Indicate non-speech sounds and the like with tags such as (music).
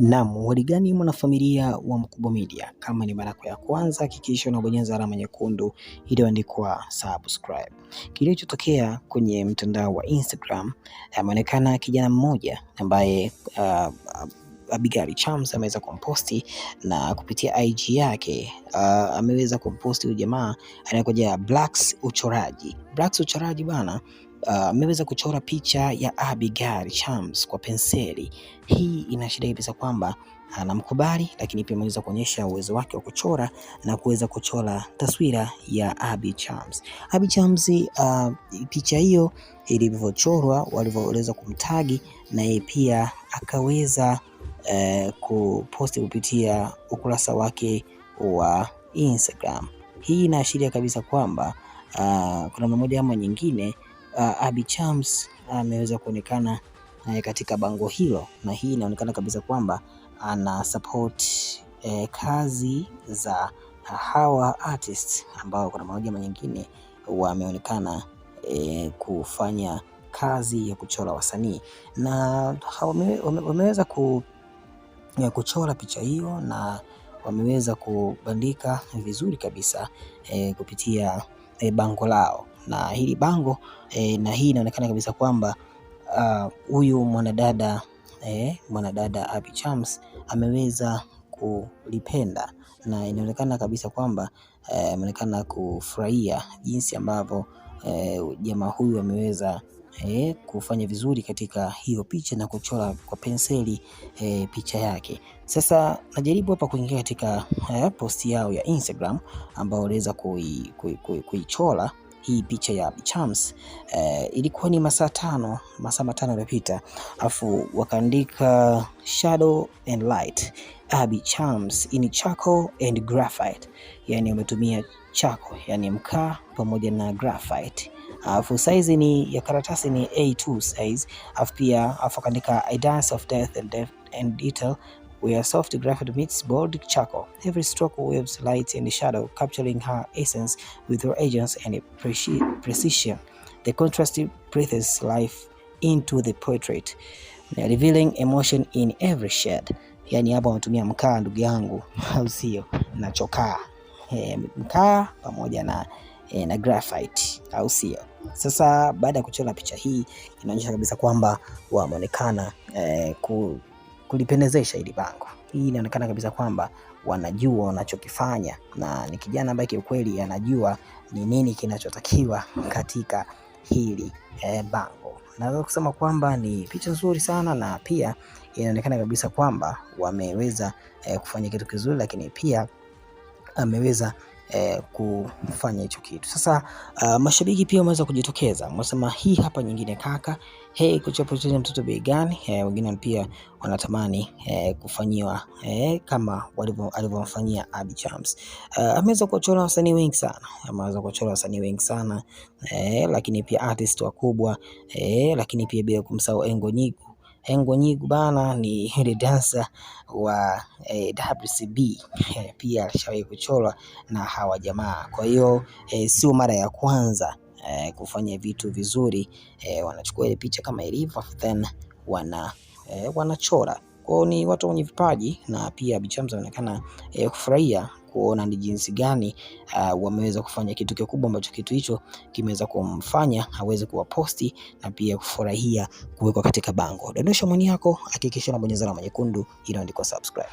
Naam, hali gani mwanafamilia wa Mkubwa Media? Kama ni mara yako ya kwanza, hakikisha unabonyeza alama nyekundu iliyoandikwa subscribe. Kilichotokea kwenye mtandao wa Instagram, ameonekana kijana mmoja ambaye uh, Abigail Chams ameweza kumposti na kupitia IG yake uh, ameweza kumposti huyu jamaa anakuja Blacks Uchoraji. Blacks Uchoraji bana ameweza ah, kuchora picha ya Abigail Chams kwa penseli. Hii inaashiria kabisa kwamba anamkubali lakini pia ameweza kuonyesha uwezo wake wa kuchora na kuweza kuchora taswira ya Abby Chams. Abby Chams uh, picha hiyo ilivyochorwa, walivyoweza kumtagi na yeye pia akaweza uh, kuposti kupitia ukurasa wake wa Instagram. Hii inaashiria kabisa kwamba uh, kuna mmoja ama nyingine uh, Abby Chams ameweza uh, kuonekana uh, katika bango hilo, na hii inaonekana kabisa kwamba ana support uh, kazi za uh, hawa artists ambao kuna mmoja ama nyingine wameonekana uh, kufanya kazi ya kuchora wasanii na wameweza ku, kuchora picha hiyo na wameweza kubandika vizuri kabisa e, kupitia e, bango lao na hili bango e, na hii inaonekana kabisa kwamba huyu uh, mwanadada e, mwanadada Abby Chams ameweza kulipenda na inaonekana kabisa kwamba e, ameonekana e, kufurahia jinsi ambavyo e, jamaa huyu ameweza e, kufanya vizuri katika hiyo picha na kuchora kwa penseli e, picha yake. Sasa najaribu hapa kuingia katika e, posti yao ya Instagram ambayo waliweza kuichora kui, kui, kui hii picha ya Chams eh, ilikuwa ni masaa tano masaa matano yaliyopita, afu wakaandika shadow and light Abby Chams in charcoal and graphite, yani umetumia chako yani mkaa pamoja na graphite alafu size ni ya karatasi ni A2 size, alafu pia alafu akaandika I dance of death and, death and detail where soft graphite meets bold charcoal. Every stroke waves light and shadow, capturing her essence with her agents and precision. The contrast breathes life into the portrait, revealing emotion in every shade. Yani hapa wametumia mkaa, ndugu yangu, (laughs) au sio? Na chokaa e, mkaa pamoja na E, na graphite au sio? Sasa baada ya kuchora picha hii inaonyesha kabisa kwamba wameonekana e, ku, kulipendezesha hili bango. Hii inaonekana kabisa kwamba wanajua wanachokifanya na ni kijana ambaye kiukweli anajua ni nini kinachotakiwa katika hili eh, bango. Naweza kusema kwamba ni picha nzuri sana na pia inaonekana kabisa kwamba wameweza eh, kufanya kitu kizuri, lakini pia ameweza eh, kufanya hicho kitu. Sasa uh, mashabiki pia wameweza kujitokeza, wamesema hii hapa nyingine kaka, hey, kocha mtoto bei gani? Eh, wengine pia wanatamani eh, kufanyiwa eh, kama alivyomfanyia Abby Chams. Uh, ameweza kuwachora wasanii wengi sana, ameweza kuwachora wasanii wengi sana eh, lakini pia artist wakubwa eh, lakini pia bila kumsahau Engo Nyigo nyigu bana ni yule (laughs) dansa wa eh, WCB eh, pia alishawahi kuchora na hawa jamaa. Kwa hiyo eh, sio mara ya kwanza eh, kufanya vitu vizuri eh, wanachukua ile picha kama ilivyo then wana eh, wanachora. Kwao ni watu wenye vipaji na pia Bichamza anaonekana eh, kufurahia kuona ni jinsi gani uh, wameweza kufanya kitu kikubwa ambacho kitu hicho kimeweza kumfanya aweze kuwaposti na pia kufurahia kuwekwa katika bango. Dondosha maoni yako, hakikisha unabonyeza alama nyekundu iliyoandikwa subscribe.